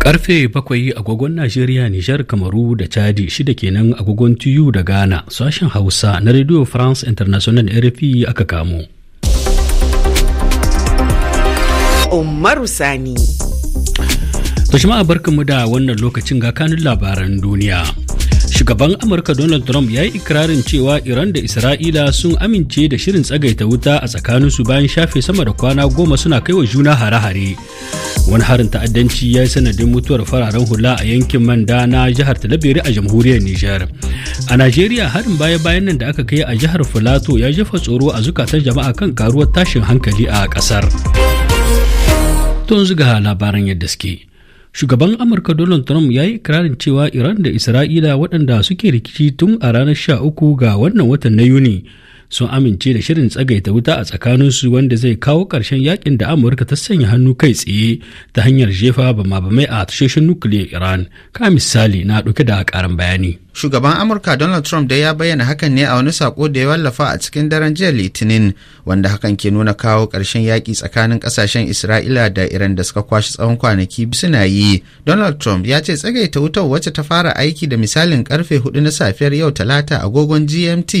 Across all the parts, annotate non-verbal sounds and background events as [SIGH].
Karfe bakwai agogon Najeriya, Nijar, Kamaru da Chadi shida kenan agogon TU da Ghana sashen Hausa na Radio France International RFI aka kamo. Umaru Sani. To jama'a barkamu da wannan lokacin ga kanun labaran duniya. Shugaban Amurka Donald Trump ya yi ikirarin cewa Iran da Isra'ila sun amince da shirin tsagaita wuta a tsakaninsu bayan shafe sama da kwana goma suna kai wa juna hare-hare. Wani harin ta'addanci ya yi sanadin mutuwar fararen hula a yankin Manda na jihar Talabiri a jamhuriyar Nijar. A Najeriya harin baya-bayan nan da aka kai a jihar Filato ya jefa tsoro a zukatan jama'a kan karuwar tashin hankali a ƙasar. Tun zuga labaran yadda suke. Shugaban Amurka Donald Trump ya yi ikirarin cewa Iran da Isra'ila waɗanda suke rikici tun a ranar 13 ga wannan watan na Yuni sun amince da shirin tsagaita wuta a tsakaninsu wanda zai kawo ƙarshen yakin da amurka ta sanya hannu kai tsaye ta hanyar jefa bama bamai a tashoshin nukiliyar iran ka misali na ɗauke da ƙarin bayani shugaban amurka donald trump da ya bayyana hakan ne a wani sako da ya wallafa a cikin daren jiya litinin wanda hakan ke nuna kawo ƙarshen yaƙi tsakanin ƙasashen isra'ila da iran da suka kwashe tsawon kwanaki suna yi donald trump ya ce tsagaita wutar wacce ta fara aiki da misalin karfe hudu na safiyar yau talata agogon gmt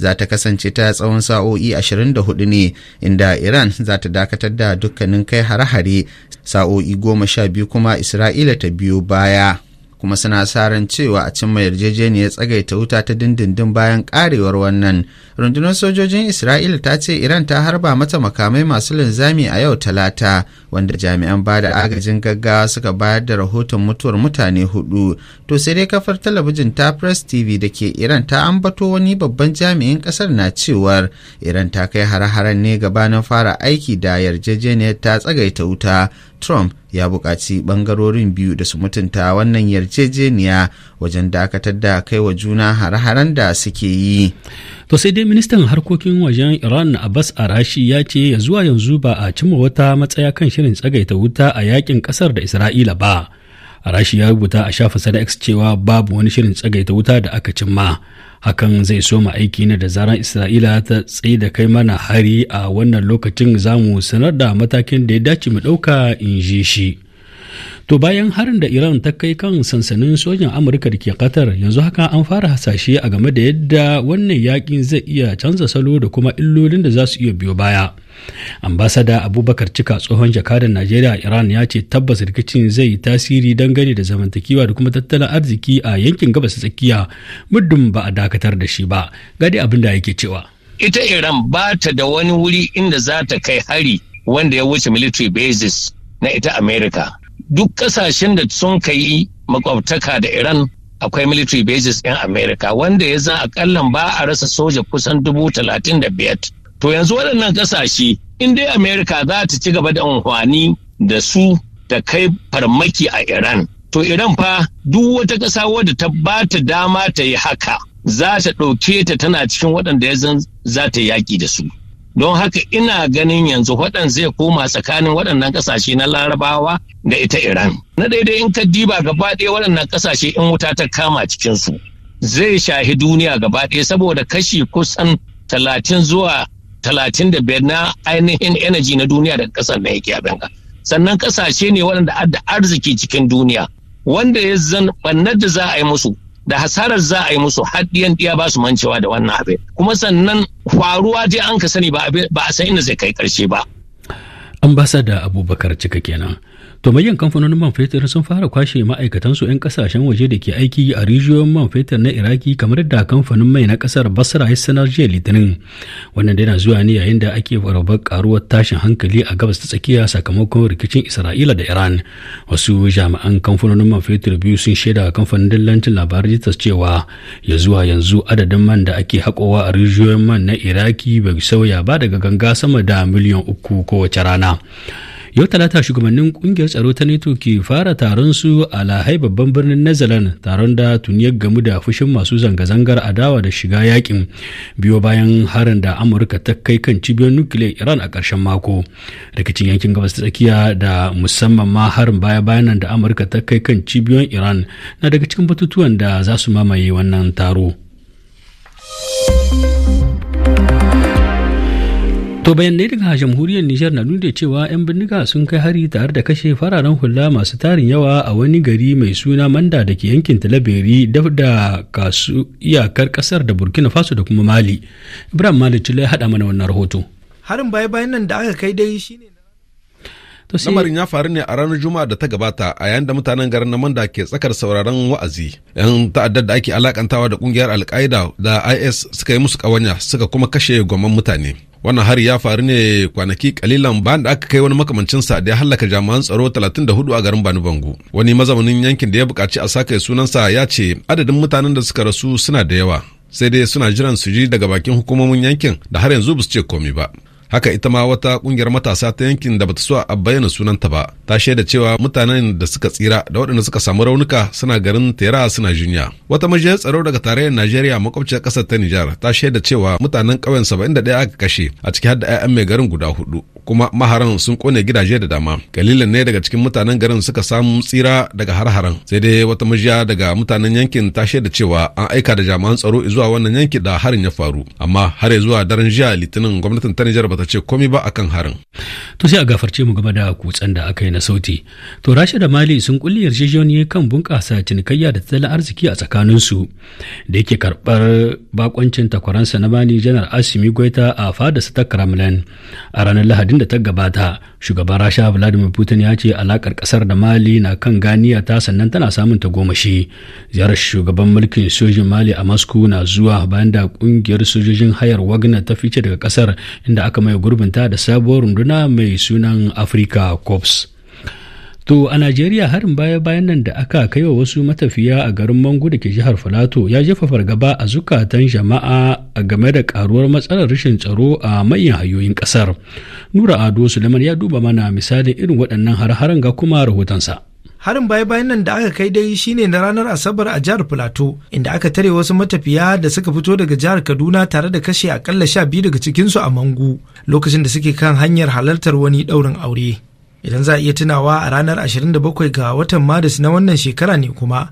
za ta kasance kasance ta tsawon sa'o'i 24 ne inda iran za ta dakatar da dukkanin kai hare-hare sa'o'i goma sha biyu kuma isra'ila ta biyo baya kuma suna sa ran cewa a cimma yarjejeniyar tsagaita wuta ta dindindin bayan karewar wannan rundunar sojojin isra'ila ta ce iran ta harba mata makamai masu linzami a yau talata wanda jami'an ba da agajin gaggawa suka bayar da rahoton mutuwar mutane hudu to sai dai kafar talabijin ta press tv da ke iran ta ambato wani babban jami'in kasar na cewar iran ta kai hare-haren ne gabanin fara aiki da yarjejeniyar ta tsagaita wuta trump ya buƙaci ɓangarorin biyu da su mutunta wannan yarjejeniya wajen dakatar da kai wa juna hare-haren da suke yi to sai dai ministan harkokin wajen iran abbas arashi ya ce ya zuwa yanzu ba a cimma wata matsaya kan shirin tsagaita wuta a yakin ƙasar da isra'ila ba arashi ya rubuta a shafinsa na x cewa babu wani shirin tsagaita wuta da aka cimma hakan zai so ma aiki ne da zaran isra'ila ta tsaye da kai mana hari a wannan lokacin za mu sanar da matakin da ya dace mu ɗauka in ji shi to bayan harin da iran ta kai kan sansanin sojan amurka da ke qatar yanzu haka an fara hasashe a game da yadda wannan yakin zai iya canza salo da kuma illolin da za su iya biyo baya ambasada abubakar cika tsohon jakadan najeriya iran ya ce tabbas rikicin zai yi tasiri dangane da zamantakewa da kuma tattalin arziki a yankin gabas tsakiya muddin ba a dakatar da shi ba gadi abin da yake cewa ita iran ba ta da wani wuri inda za ta kai hari wanda ya wuce military bases na ita america duk kasashen da sun kai makwabtaka da Iran akwai military bases ɗin America wanda ya zan akallan ba a rasa soja kusan dubu talatin da biyar. To yanzu waɗannan kasashe in dai America za ta ci gaba da amfani da su da kai farmaki a Iran. To Iran fa duk wata ƙasa wadda ta ba ta dama ta yi haka za ta ɗauke ta tana cikin waɗanda ya zan za ta yaƙi da su. don haka ina ganin yanzu waɗan zai koma tsakanin waɗannan ƙasashe na larabawa da ita iran na daidai in ka diba gaba ɗaya waɗannan ƙasashe in wuta ta kama cikinsu zai shahi duniya gaba ɗaya saboda kashi kusan talatin zuwa talatin da biyar na ainihin energy na duniya da ƙasar na yake abinka sannan ƙasashe ne waɗanda adda arziki cikin duniya wanda ya zan ɓannar da za a yi musu da hasarar za a yi musu haddiyan ɗiya ba su mancewa da wannan abin kuma sannan faruwa je an ka sani ba a san inda zai kai karshe ba. An da abubakar cika kenan to mayan kamfanonin man fetur sun fara kwashe ma'aikatansu 'yan kasashen waje da ke aiki a rijiyoyin man fetur na iraki kamar da kamfanin mai na kasar basra ya sanar jiya litinin wannan yana zuwa ne yayin da ake rabar karuwar tashin hankali a gabas ta tsakiya sakamakon rikicin isra'ila da iran wasu jami'an kamfanonin man fetur biyu sun shaida kamfanin dillancin labarai cewa ya zuwa yanzu adadin man da ake haƙowa a rijiyoyin man na iraki bai sauya ba daga ganga sama da miliyan uku kowace rana yau talata shugabannin kungiyar tsaro ta neto ke fara taron su a lahai babban birnin netherlands taron da tuni ya gamu da fushin masu zanga-zangar adawa da shiga yakin biyo bayan harin da amurka ta kai kan cibiyar nukiliyar iran a ƙarshen mako rikicin yankin gabas ta tsakiya da musamman ma harin baya bayanan da amurka ta kai kan cibiyar iran na daga cikin batutuwan da za su mamaye wannan taro To bayanai daga jamhuriyar Nijar na nuna cewa 'yan bindiga sun kai hari tare da kashe fararen hula masu tarin yawa a wani gari mai suna Manda da ke yankin talabiri daf da kasu iyakar kasar da Burkina Faso da kuma Mali. Ibrahim Malik ya hada mana wannan rahoto. Harin baya-bayan nan da aka kai dai shine lamarin ya faru ne a ranar juma'a da ta gabata a yayin da mutanen garin na manda ke tsakar sauraron wa'azi yan ta'addar da ake alakantawa da kungiyar alkaida da is suka yi musu kawanya suka kuma kashe gwamman mutane wannan hari ya faru ne kwanaki kalilan bayan da aka kai wani makamancinsa da ya hallaka jami'an tsaro 34 a garin bani bango wani mazaunin yankin da ya buƙaci a sunan sunansa ya ce adadin mutanen da suka rasu suna da yawa sai dai suna jiran su ji daga bakin hukumomin yankin da har yanzu ba su ce komai ba haka ita ma wata kungiyar matasa ta yankin da bata so a bayyana sunanta ba ta shaida cewa mutanen da suka tsira da waɗanda suka samu raunuka suna garin tera suna juniya wata majiyar tsaro daga tarayyar najeriya makwabciyar ƙasar ta nijar ta shaida cewa mutanen ƙauyen da ɗaya aka kashe a ciki har da 'ya'yan mai garin guda hudu kuma maharan sun kone gidaje da dama kalilan ne daga cikin mutanen garin suka samu tsira daga har-haren sai dai wata majiya daga mutanen yankin ta shaida cewa an aika da jami'an tsaro zuwa wannan yanki da harin ya faru amma har zuwa daren jiya litinin gwamnatin ta Nijar bata ce komai ba akan harin to sai a gafarce mu gaba da kutsen da aka yi na sauti to Rasha da Mali sun kulle yarjejeniyoyi kan bunƙasa cinikayya da tattalin arziki a tsakaninsu da yake karɓar bakoncin takwaransa na bani janar Asimi Goita a fadarsa ta Kremlin a ranar Lahadi talatin da ta gabata shugaban rasha vladimir putin ya ce alakar kasar da mali na kan ganiya ta sannan tana samun ta gomashi ziyarar shugaban mulkin sojin mali a moscow na zuwa bayan da kungiyar sojojin hayar wagna ta fice daga kasar inda aka maye gurbinta da sabuwar runduna mai sunan afirka corps To a Najeriya harin baya-bayan nan da aka kai wa wasu matafiya a garin Mangu da ke jihar Filato ya jefa fargaba a zukatan jama'a a game da karuwar matsalar rashin tsaro a manyan hanyoyin kasar. Nura Ado Suleiman ya duba mana misalin irin waɗannan har-haren ga kuma rahotonsa. harin baya-bayan nan da aka kai dai shine na ranar asabar a jihar plateau inda aka tare wasu matafiya da suka fito daga jihar kaduna tare da kashe akalla sha biyu daga cikinsu a mangu lokacin da suke kan hanyar halartar wani ɗaurin aure idan za a iya tunawa a ranar 27 ga watan maris na wannan shekara ne kuma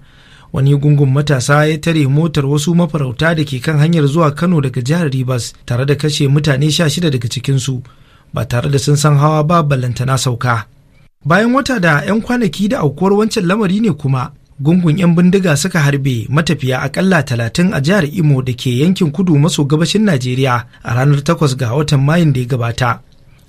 wani gungun matasa ya tare motar wasu mafarauta da ke kan hanyar zuwa kano daga jihar rivers tare da kashe mutane 16 daga cikinsu ba tare da sun san hawa ba ballantana sauka bayan wata da 'yan kwanaki da aukuwar wancan lamari ne kuma gungun 'yan bindiga suka harbe matafiya akalla talatin a jihar imo da ke yankin kudu maso gabashin najeriya a ranar 8 ga watan mayun da ya gabata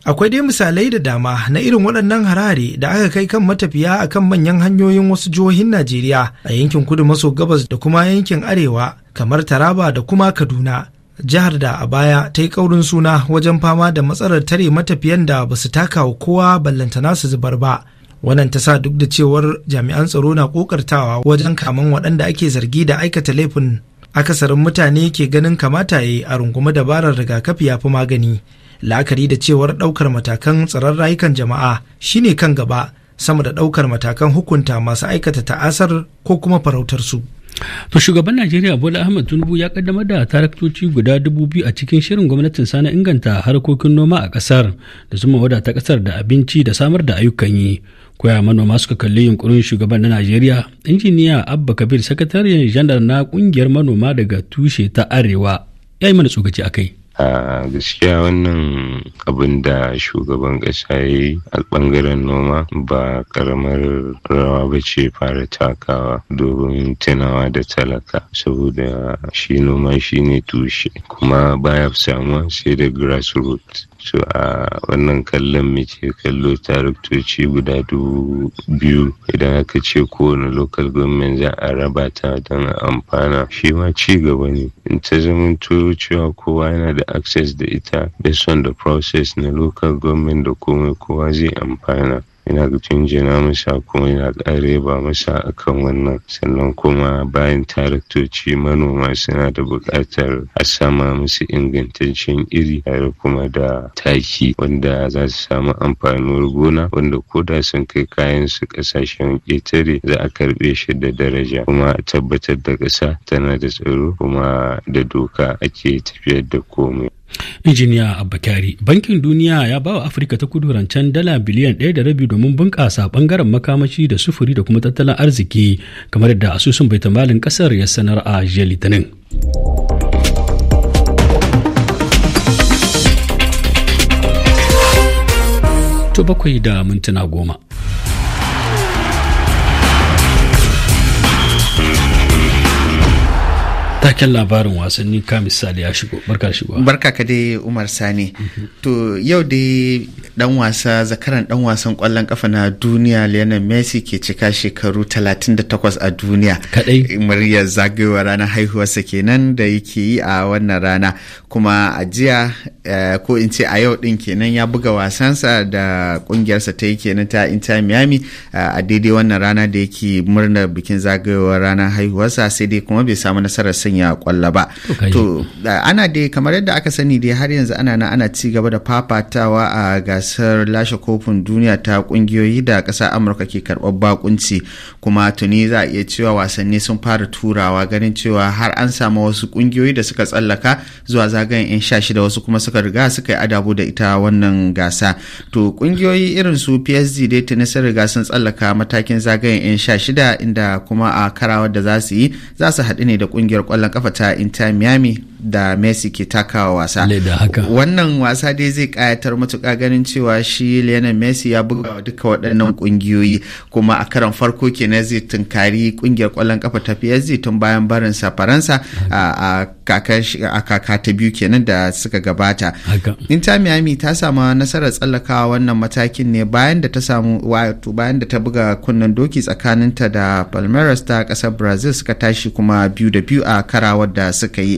Akwai dai misalai da dama na irin waɗannan harare da aka kai kan matafiya a kan manyan hanyoyin wasu jihohin Najeriya a yankin kudu maso gabas da kuma yankin arewa kamar Taraba da kuma Kaduna. Jihar da a baya ta yi ƙaurin suna wajen fama da matsalar tare matafiyan da ba su taka wa kowa ballantana su zubar ba. Wannan ta sa duk da cewar jami'an tsaro na ƙoƙartawa wajen kaman waɗanda ake zargi da aikata laifin akasarin mutane ke ganin kamata ya yi a rungume dabarar rigakafi ya fi magani. la'akari da cewar ɗaukar matakan tsaron rayukan jama'a shine kan gaba sama da ɗaukar matakan hukunta masu aikata ta'asar ko kuma farautarsu. To shugaban Najeriya Bola Ahmed tunubu ya kaddamar da taraktoci guda dubu biyu a cikin shirin gwamnatin sana inganta harkokin noma a kasar da zuma wadata kasar da abinci da samar da ayyukan yi. Koya manoma suka kalli yunkurin shugaban na Najeriya, injiniya Abba Kabir sakataren janar na kungiyar manoma daga tushe ta Arewa ya yi mana tsokaci a kai. a gaskiya wannan abin da shugaban ƙasa ya yi a bangaren noma ba ƙaramar rawa ba ce fara takawa domin tunawa da talaka saboda shi noma shi ne tushe kuma baya samuwa sai da grassroots so a wannan kallon muke kallo taraktoci guda dubu biyu idan aka ce kowane local government za a raba ta don amfana shi ma ci gaba ne in ta zamanto cewa kowa yana da da access da ita based on the process na local government da komai kowa zai amfana ina ga jinjina masa kuma ina ƙare ba masa akan wannan sannan kuma bayan taraktoci manoma suna da buƙatar a sama musu ingantaccen iri tare kuma da taki wanda za su samu amfanin gona wanda ko da sun kai kayan su ƙasashen ƙetare za a karɓe shi da daraja kuma a tabbatar da ƙasa tana da tsaro kuma da doka ake tafiyar da komai. injiniya abakari bankin duniya ya ba wa afirka ta kudu rancen dala biliyan ɗaya da rabi domin bunƙasa ɓangaren makamashi da sufuri da kuma tattalin arziki kamar da asusun baitamalin ƙasar ya sanar a jiya litinin to bakwai da mintuna goma taken labarin wasanni ka misali ya shigo barka shigo barka ka dai umar sani to yau dai dan wasa zakaran dan wasan kwallon kafa na duniya lionel messi ke cika shekaru 38 a duniya kadai muryar zagayowar ranar haihuwarsa kenan da yake yi a wannan rana kuma a jiya Eh, ko in ce a yau din kenan ya buga wasansa da kungiyarsa ta yi kenan ta Inter Miami eh, a daidai wannan rana da yake murnar bikin zagayowar ranar haihuwarsa sai dai kuma bai samu nasarar sanya kwallo ba. To eh, ana dai kamar yadda aka sani dai har yanzu ana na ana ci gaba da fafatawa a gasar lashe kofin duniya ta kungiyoyi da kasa Amurka ke karɓar bakunci kuma tuni za a iya cewa wasanni sun fara turawa ganin cewa har an samu wasu kungiyoyi da suka tsallaka zuwa zagayen 'yan sha shida wasu kuma suka riga suka yi adabu da ita wannan gasa to kungiyoyi irin su psg dai tuni sun riga sun tsallaka matakin zagayen yan sha shida inda kuma a karawar da za su yi za su haɗu ne da kungiyar kwallon kafa ta inter miami da messi ke takawa wasa wannan wasa dai zai kayatar matuƙa ganin cewa shi lionel messi ya buga duka waɗannan kungiyoyi kuma a karan farko kenan zai tunkari kungiyar kwallon kafa ta psg tun bayan barinsa faransa a kaka ta biyu kenan da suka gabata bukata inter miami ta samu nasarar tsallakawa wannan matakin ne bayan da ta samu wato bayan da ta buga kunnen doki tsakanin ta da palmeiras ta kasar brazil suka tashi kuma biyu da biyu a karawar da suka yi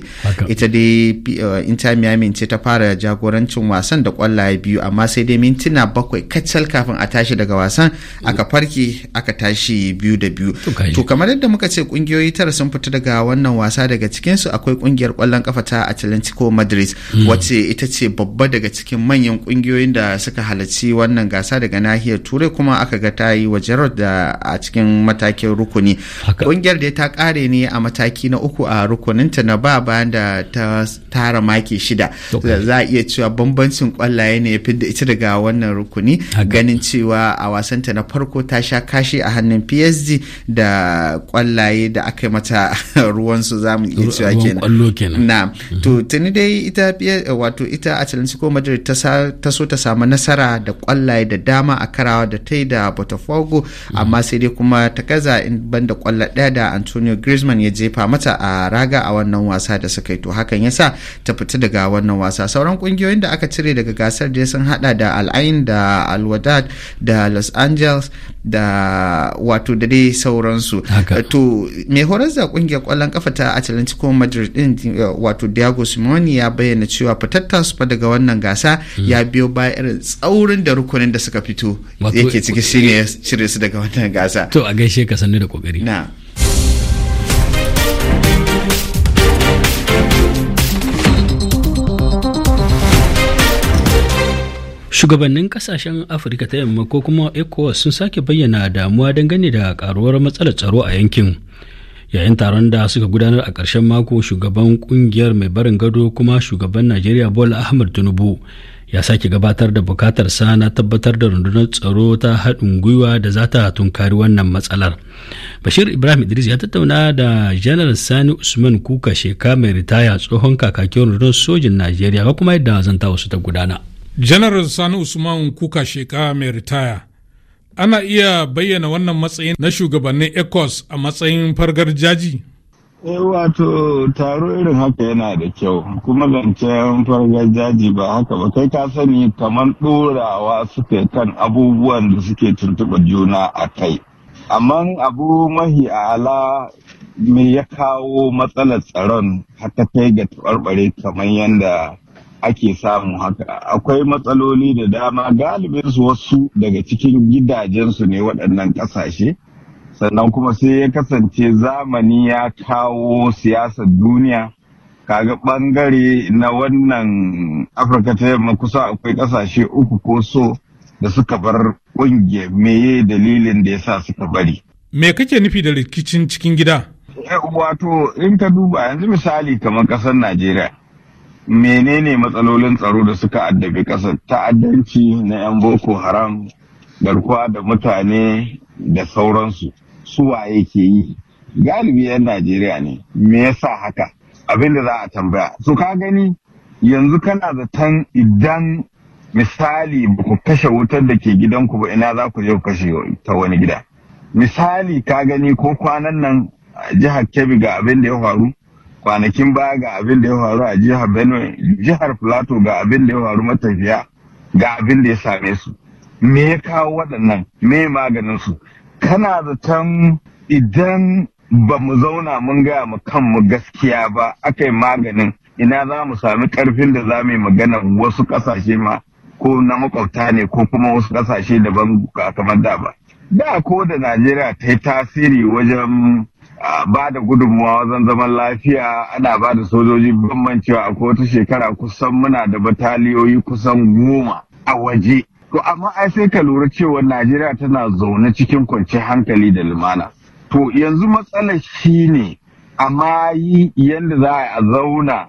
ita dai eh, inter miami ce ta fara jagorancin wasan da kwallaye biyu amma sai dai mintuna bakwai kacal kafin a tashi daga wasan aka farki aka tashi biyu da biyu to kamar yadda muka ce kungiyoyi tara sun fita daga wannan wasa daga cikinsu akwai kungiyar kwallon kafa ta atlantico madrid hmm. wacce ita ce babba daga cikin manyan kungiyoyin da suka halarci wannan gasa daga nahiyar turai kuma aka ga ta yi wa da a cikin matakin rukuni kungiyar da ta kare ne a mataki na uku a rukuninta na ba bayan da ta tara maki shida za a iya cewa bambancin kwallaye ne ya da ita daga wannan rukuni ganin cewa a wasanta na farko ta sha kashi a hannun psd da kwallaye da aka mata [LAUGHS] ruwansu za mu iya cewa kenan mm-hmm. to tuni dai ita wato wato ita Atletico Madrid ta so ta samu nasara da kwallaye da dama a karawa da ta yi da Botafogo mhm. amma sai dai kuma ta gaza in banda kwallo ɗaya da Antonio Griezmann ya jefa mata a raga a wannan wasa da suka yi to hakan ya sa ta fita daga wannan wasa sauran kungiyoyin da aka cire daga gasar da sun hada da Al'ain da Alwadad da Los Angeles da wato da dai sauransu to mai horar da kungiyar kwallon kafa ta Atletico Madrid din wato Diego simoni ya bayyana cewa fitar Stars fa daga wannan gasa hmm. ya biyo baya irin tsaurin da rukunin da suka fito yake ciki shine ya cire su daga wannan gasa. To a gaishe ka sannu da kokari. Na. shugabannin kasashen afirka ta yamma ko kuma ecowas sun sake bayyana damuwa dangane da karuwar matsalar tsaro a yankin yayin taron da suka gudanar a ƙarshen mako shugaban kungiyar mai barin gado kuma shugaban najeriya bola ahmad tinubu ya sake gabatar da bukatar sa na tabbatar da rundunar tsaro ta haɗin gwiwa da za ta tunkari wannan matsalar bashir ibrahim idris ya tattauna da janar sani usman kuka sheka mai ritaya tsohon kakakin rundunar sojin najeriya ba kuma yadda zanta wasu ta gudana janar sani usman kuka sheka mai ritaya ana iya bayyana wannan matsayin na shugabannin ecos a matsayin fargar jaji eh wato taro irin haka yana da kyau kuma zancen fargar jaji ba haka ba kai ka sani kamar ɗorawa suke kan abubuwan da suke tuntuɓa juna a kai amma abu mahi ala me ya kawo matsalar tsaron haka kai ga taɓarɓare kamar yadda ake samu haka akwai matsaloli da dama galibin su wasu daga cikin gidajensu ne waɗannan ƙasashe sannan kuma sai ya kasance zamani ya kawo siyasar duniya kaga ɓangare na wannan afirka ta yamma kusa akwai ƙasashe uku ko so da suka bar ƙungiya meye dalilin da ya sa suka bari me kake nufi da rikicin cikin gida eh, wato in ka duba yanzu misali kamar ƙasar najeriya menene matsalolin tsaro da suka addabi ƙasar ta'addanci na 'yan boko haram garkuwa da mutane da sauransu Su waye ke yi galibi 'yan najeriya ne me yasa haka abin da za a tambaya su ka gani yanzu kana zaton idan misali ba ku kashe wutar da ke gidanku ba ina za ku je ku kashe ta wani gida misali ka gani ko kwanan nan jihar kebbi ga abin da ya faru kwanakin baya ga abin da ya faru a jihar benue jihar plateau ga abin da ya faru matafiya ga abin da ya same su me ya kawo waɗannan me maganin su kana zaton idan ba mu zauna mun gaya mu kanmu gaskiya ba aka yi maganin ina za mu sami karfin da za mu yi magana wasu kasashe ma ko na makwabta ne ko kuma wasu ƙasashe daban kamar da ba da ko da najeriya ta yi tasiri wajen ba da gudunmawa wajen zaman lafiya ana ba da sojoji cewa a wata shekara kusan muna da bataliyoyi kusan goma a waje. To amma ai sai ka lura cewa Najeriya tana zaune cikin kwanciyar hankali da lumana. To yanzu matsalar shi ne amma yi yadda za a zauna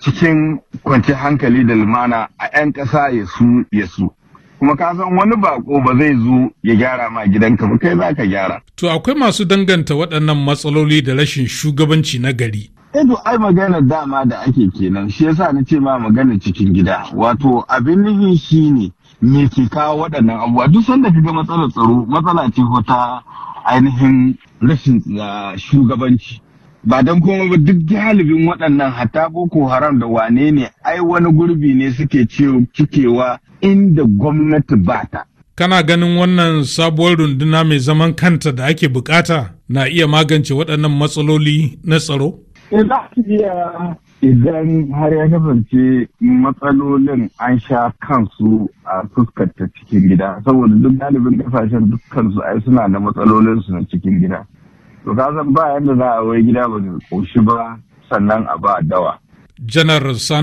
cikin kwanciyar hankali da lumana a 'yan ƙasa ya su ya su. kuma ka san wani bako ba zai zo ya gyara ma gidanka ba kai za ka gyara. To akwai masu danganta waɗannan matsaloli da rashin shugabanci na gari. edo eh ai magana dama da ake kenan shi yasa na ce ma magana cikin gida wato abin nufin shi ne me ke kawo waɗannan abubuwa duk sanda ka ga matsalar tsaro matsala ce ta ainihin rashin ah, shugabanci ba don kuma ba duk galibin waɗannan hatta boko haram da wane ne ai wani gurbi ne suke cikewa inda gwamnati ba ta. Kana ganin wannan sabuwar runduna mai zaman kanta da ake bukata na iya magance waɗannan matsaloli na tsaro? Eh, idan har ya kasance matsalolin an sha kansu a fuskar ta cikin gida, saboda duk galibin kasashen su ai suna da matsalolinsu na cikin gida. to ka san ba yadda za a wai gida ba shi ba sannan a ba dawa janar sanu